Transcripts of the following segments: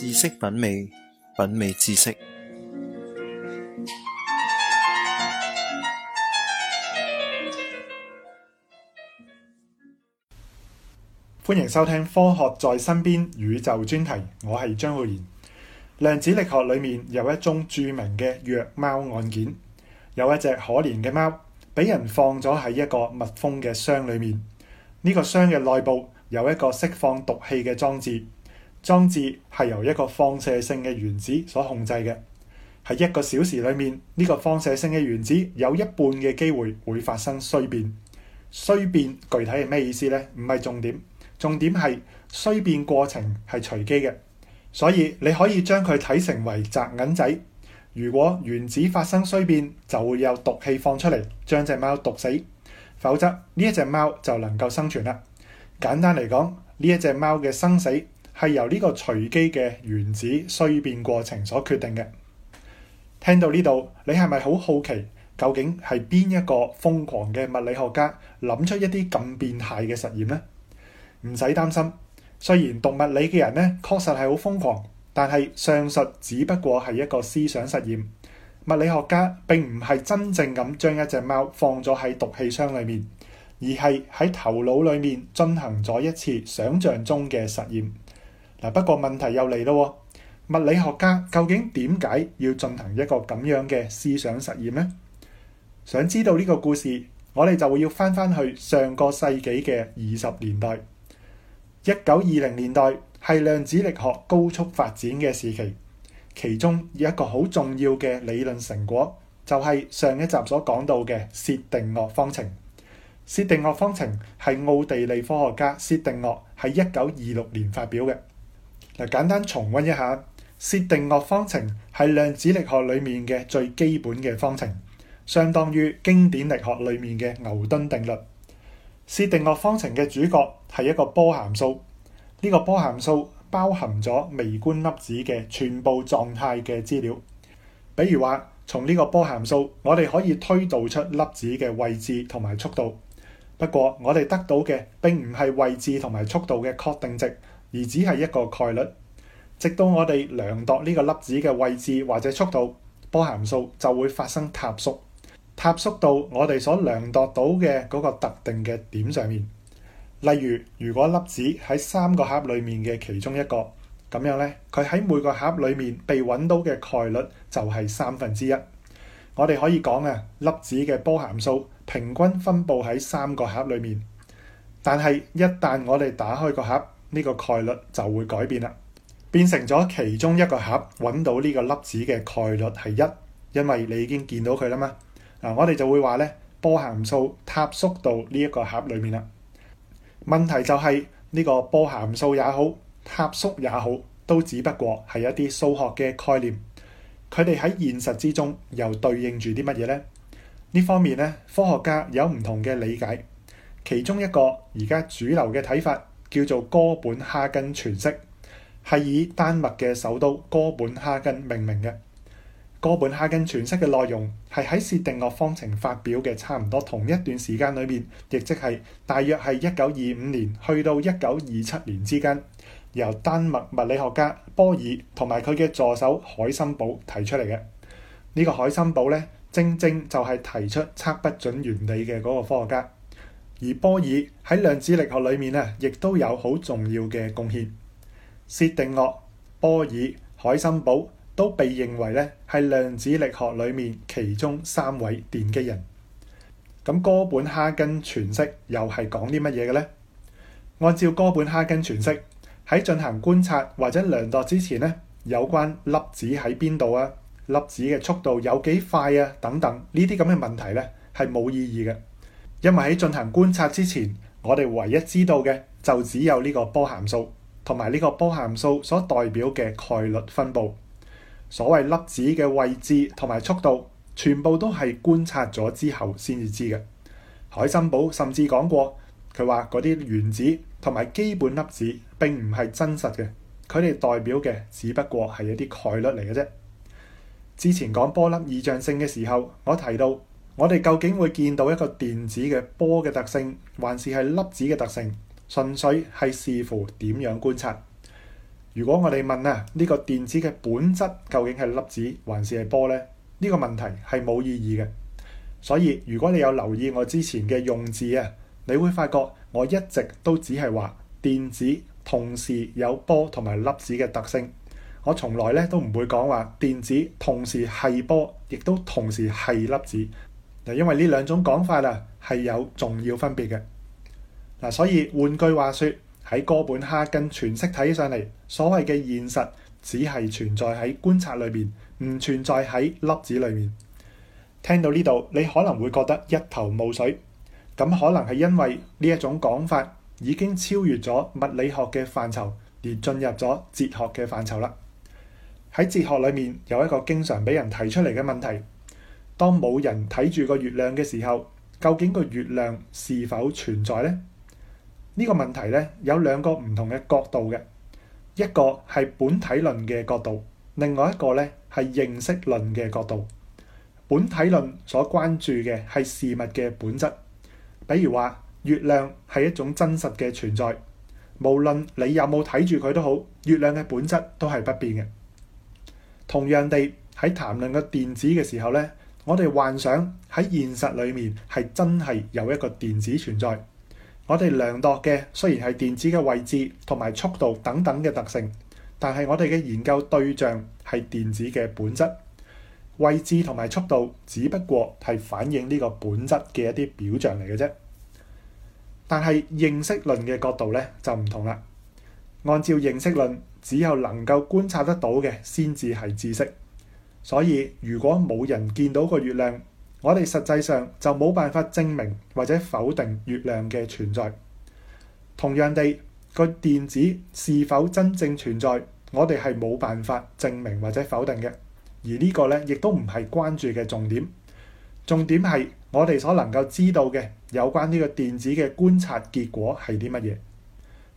知識品味，品味知識。歡迎收聽《科學在身邊·宇宙》專題，我係張浩然。量子力學裏面有一宗著名嘅虐貓案件，有一隻可憐嘅貓俾人放咗喺一個密封嘅箱裏面，呢個箱嘅內部有一個釋放毒氣嘅裝置。裝置係由一個放射性嘅原子所控制嘅，喺一個小時裏面呢個放射性嘅原子有一半嘅機會會發生衰變。衰變具體係咩意思呢？唔係重點，重點係衰變過程係隨機嘅，所以你可以將佢睇成為擲銀仔。如果原子發生衰變，就會有毒氣放出嚟，將隻貓毒死；否則呢一隻貓就能夠生存啦。簡單嚟講，呢一隻貓嘅生死，係由呢個隨機嘅原子衰變過程所決定嘅。聽到呢度，你係咪好好奇究竟係邊一個瘋狂嘅物理學家諗出一啲咁變態嘅實驗呢？唔使擔心，雖然讀物理嘅人呢確實係好瘋狂，但係上述只不過係一個思想實驗。物理學家並唔係真正咁將一隻貓放咗喺毒氣箱裏面，而係喺頭腦裏面進行咗一次想像中嘅實驗。嗱，不過問題又嚟咯。物理學家究竟點解要進行一個咁樣嘅思想實驗呢？想知道呢個故事，我哋就會要翻返去上個世紀嘅二十年代。一九二零年代係量子力學高速發展嘅時期，其中一個好重要嘅理論成果就係上一集所講到嘅薛定樂方程。薛定諤方程係奧地利科學家薛定諤喺一九二六年發表嘅。嗱，簡單重溫一下，薛定諤方程係量子力學裡面嘅最基本嘅方程，相當於經典力學裡面嘅牛頓定律。薛定諤方程嘅主角係一個波函數，呢、這個波函數包含咗微觀粒子嘅全部狀態嘅資料。比如話，從呢個波函數，我哋可以推導出粒子嘅位置同埋速度，不過我哋得到嘅並唔係位置同埋速度嘅確定值。而只係一個概率，直到我哋量度呢個粒子嘅位置或者速度，波函數就會發生塌縮，塌縮到我哋所量度到嘅嗰個特定嘅點上面。例如，如果粒子喺三個盒裡面嘅其中一個咁樣呢，佢喺每個盒裡面被揾到嘅概率就係三分之一。我哋可以講啊，粒子嘅波函數平均分布喺三個盒裡面，但係一旦我哋打開個盒，呢個概率就會改變啦，變成咗其中一個盒揾到呢個粒子嘅概率係一，因為你已經見到佢啦嘛。嗱、啊，我哋就會話咧，波函數塌縮到呢一個盒裏面啦。問題就係、是、呢、這個波函數也好，塌縮也好，都只不過係一啲數學嘅概念，佢哋喺現實之中又對應住啲乜嘢呢？呢方面咧，科學家有唔同嘅理解，其中一個而家主流嘅睇法。叫做哥本哈根詮釋，係以丹麥嘅首都哥本哈根命名嘅。哥本哈根詮釋嘅內容係喺薛定諤方程發表嘅差唔多同一段時間裏面，亦即係大約係一九二五年去到一九二七年之間，由丹麥物理學家玻爾同埋佢嘅助手海森堡提出嚟嘅。呢個海森堡咧，正正就係提出測不準原理嘅嗰個科學家。而波爾喺量子力學裏面啊，亦都有好重要嘅貢獻。薛定諤、波爾、海森堡都被認為咧，係量子力學裏面其中三位奠基人。咁哥本哈根詮釋又係講啲乜嘢嘅咧？按照哥本哈根詮釋，喺進行觀察或者量度之前咧，有關粒子喺邊度啊、粒子嘅速度有幾快啊等等呢啲咁嘅問題咧係冇意義嘅。因為喺進行觀察之前，我哋唯一知道嘅就只有呢個波函數，同埋呢個波函數所代表嘅概率分布。所謂粒子嘅位置同埋速度，全部都係觀察咗之後先至知嘅。海森堡甚至講過，佢話嗰啲原子同埋基本粒子並唔係真實嘅，佢哋代表嘅只不過係一啲概率嚟嘅啫。之前講波粒二象性嘅時候，我提到。我哋究竟會見到一個電子嘅波嘅特性，還是係粒子嘅特性？純粹係視乎點樣觀察。如果我哋問啊，呢個電子嘅本質究竟係粒子還是係波呢？呢個問題係冇意義嘅。所以如果你有留意我之前嘅用字啊，你會發覺我一直都只係話電子同時有波同埋粒子嘅特性。我從來咧都唔會講話電子同時係波，亦都同時係粒子。因為呢兩種講法啦，係有重要分別嘅。嗱，所以換句話說，喺哥本哈根詮釋睇起上嚟，所謂嘅現實只係存在喺觀察裏面，唔存在喺粒子裏面。聽到呢度，你可能會覺得一頭霧水。咁可能係因為呢一種講法已經超越咗物理學嘅範疇，而進入咗哲學嘅範疇啦。喺哲學裏面，有一個經常俾人提出嚟嘅問題。當冇人睇住個月亮嘅時候，究竟個月亮是否存在呢？呢個問題咧，有兩個唔同嘅角度嘅，一個係本體論嘅角度，另外一個咧係認識論嘅角度。本體論所關注嘅係事物嘅本質，比如話月亮係一種真實嘅存在，無論你有冇睇住佢都好，月亮嘅本質都係不變嘅。同樣地喺談論個電子嘅時候咧。我哋幻想喺現實裏面係真係有一個電子存在。我哋量度嘅雖然係電子嘅位置同埋速度等等嘅特性，但係我哋嘅研究對象係電子嘅本質，位置同埋速度只不過係反映呢個本質嘅一啲表象嚟嘅啫。但係認識論嘅角度咧就唔同啦。按照認識論，只有能夠觀察得到嘅先至係知識。所以，如果冇人見到個月亮，我哋實際上就冇辦法證明或者否定月亮嘅存在。同樣地，個電子是否真正存在，我哋係冇辦法證明或者否定嘅。而呢個咧，亦都唔係關注嘅重點。重點係我哋所能夠知道嘅有關呢個電子嘅觀察結果係啲乜嘢。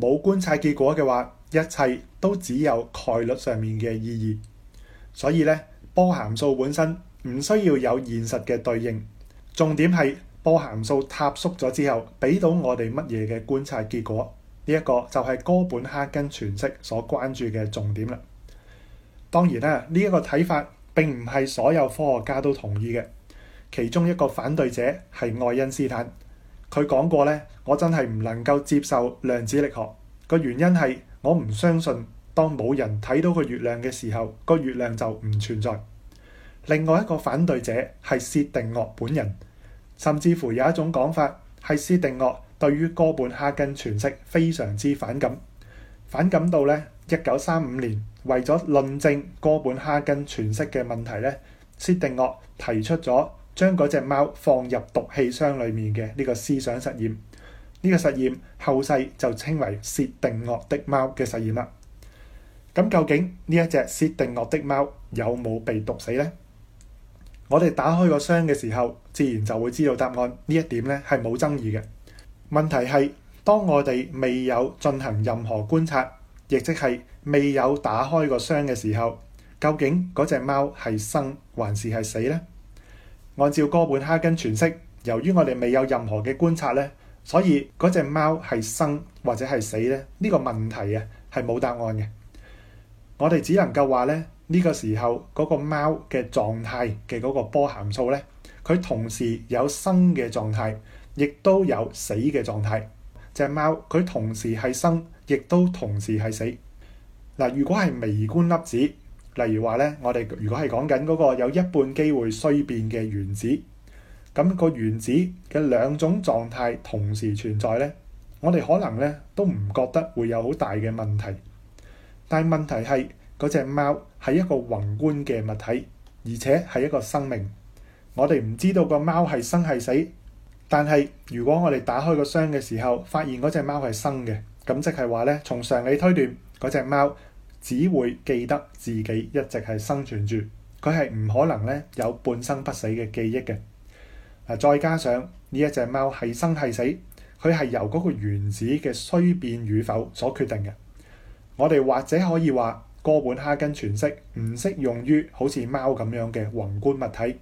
冇觀察結果嘅話，一切都只有概率上面嘅意義。所以咧，波函數本身唔需要有現實嘅對應，重點係波函數塌縮咗之後，俾到我哋乜嘢嘅觀察結果？呢一個就係哥本哈根詮釋所關注嘅重點啦。當然啦，呢一個睇法並唔係所有科學家都同意嘅。其中一個反對者係愛因斯坦，佢講過咧，我真係唔能夠接受量子力學，個原因係我唔相信。當冇人睇到個月亮嘅時候，個月亮就唔存在。另外一個反對者係薛定諤本人，甚至乎有一種講法係薛定諤對於哥本哈根詮釋非常之反感，反感到咧一九三五年為咗論證哥本哈根詮釋嘅問題咧，薛定諤提出咗將嗰隻貓放入毒氣箱裡面嘅呢個思想實驗。呢、這個實驗後世就稱為薛定諤的貓嘅實驗啦。咁究竟呢一隻薛定諤的貓有冇被毒死呢？我哋打開個箱嘅時候，自然就會知道答案。呢一點咧係冇爭議嘅。問題係當我哋未有進行任何觀察，亦即係未有打開個箱嘅時候，究竟嗰隻貓係生還是係死呢？按照哥本哈根詮釋，由於我哋未有任何嘅觀察呢，所以嗰隻貓係生或者係死呢？呢、呢個問題啊係冇答案嘅。我哋只能夠話咧，呢個時候嗰個貓嘅狀態嘅嗰個波函數咧，佢同時有生嘅狀態，亦都有死嘅狀態。隻貓佢同時係生，亦都同時係死。嗱，如果係微觀粒子，例如話咧，我哋如果係講緊嗰個有一半機會衰變嘅原子，咁個原子嘅兩種狀態同時存在咧，我哋可能咧都唔覺得會有好大嘅問題。但問題係，嗰隻貓係一個宏觀嘅物體，而且係一個生命。我哋唔知道個貓係生係死。但係，如果我哋打開個箱嘅時候，發現嗰隻貓係生嘅，咁即係話咧，從常理推斷，嗰隻貓只會記得自己一直係生存住。佢係唔可能咧有半生不死嘅記憶嘅。再加上呢一隻貓係生係死，佢係由嗰個原子嘅衰變與否所決定嘅。我哋或者可以話哥本哈根詮釋唔適用於好似貓咁樣嘅宏觀物體，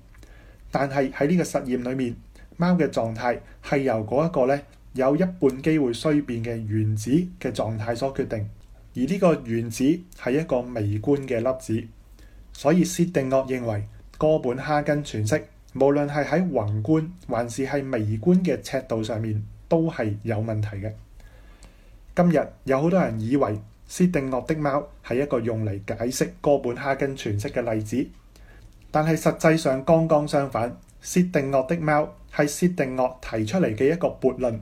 但係喺呢個實驗裏面，貓嘅狀態係由嗰一個咧有一半機會衰變嘅原子嘅狀態所決定，而呢個原子係一個微觀嘅粒子，所以薛定諤認為哥本哈根詮釋無論係喺宏觀還是喺微觀嘅尺度上面都係有問題嘅。今日有好多人以為，薛定諤的貓係一個用嚟解釋哥本哈根詮釋嘅例子，但係實際上剛剛相反。薛定諤的貓係薛定諤提出嚟嘅一個悖論，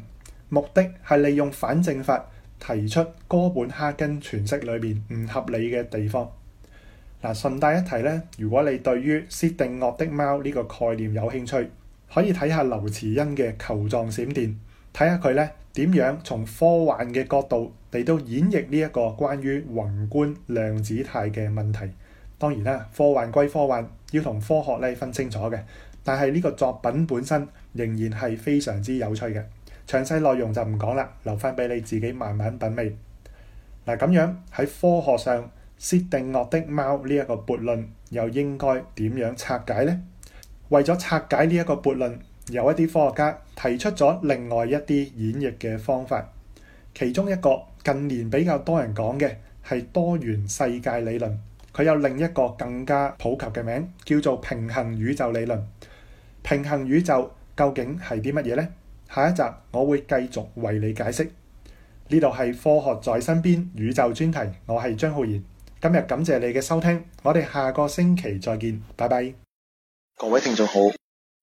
目的係利用反證法提出哥本哈根詮釋裏面唔合理嘅地方。嗱，順帶一提呢，如果你對於薛定諤的貓呢個概念有興趣，可以睇下劉慈欣嘅《球狀閃電》。睇下佢咧，點樣從科幻嘅角度嚟到演繹呢一個關於宏觀量子態嘅問題。當然啦，科幻歸科幻，要同科學咧分清楚嘅。但係呢個作品本身仍然係非常之有趣嘅。詳細內容就唔講啦，留翻俾你自己慢慢品味。嗱，咁樣喺科學上，薛定諤的貓呢一個悖論又應該點樣拆解呢？為咗拆解呢一個悖論，有一啲科學家提出咗另外一啲演繹嘅方法，其中一個近年比較多人講嘅係多元世界理論，佢有另一個更加普及嘅名叫做平衡宇宙理論。平衡宇宙究竟係啲乜嘢呢？下一集我會繼續為你解釋。呢度係科學在身邊宇宙專題，我係張浩然。今日感謝你嘅收聽，我哋下個星期再見，拜拜。各位聽眾好。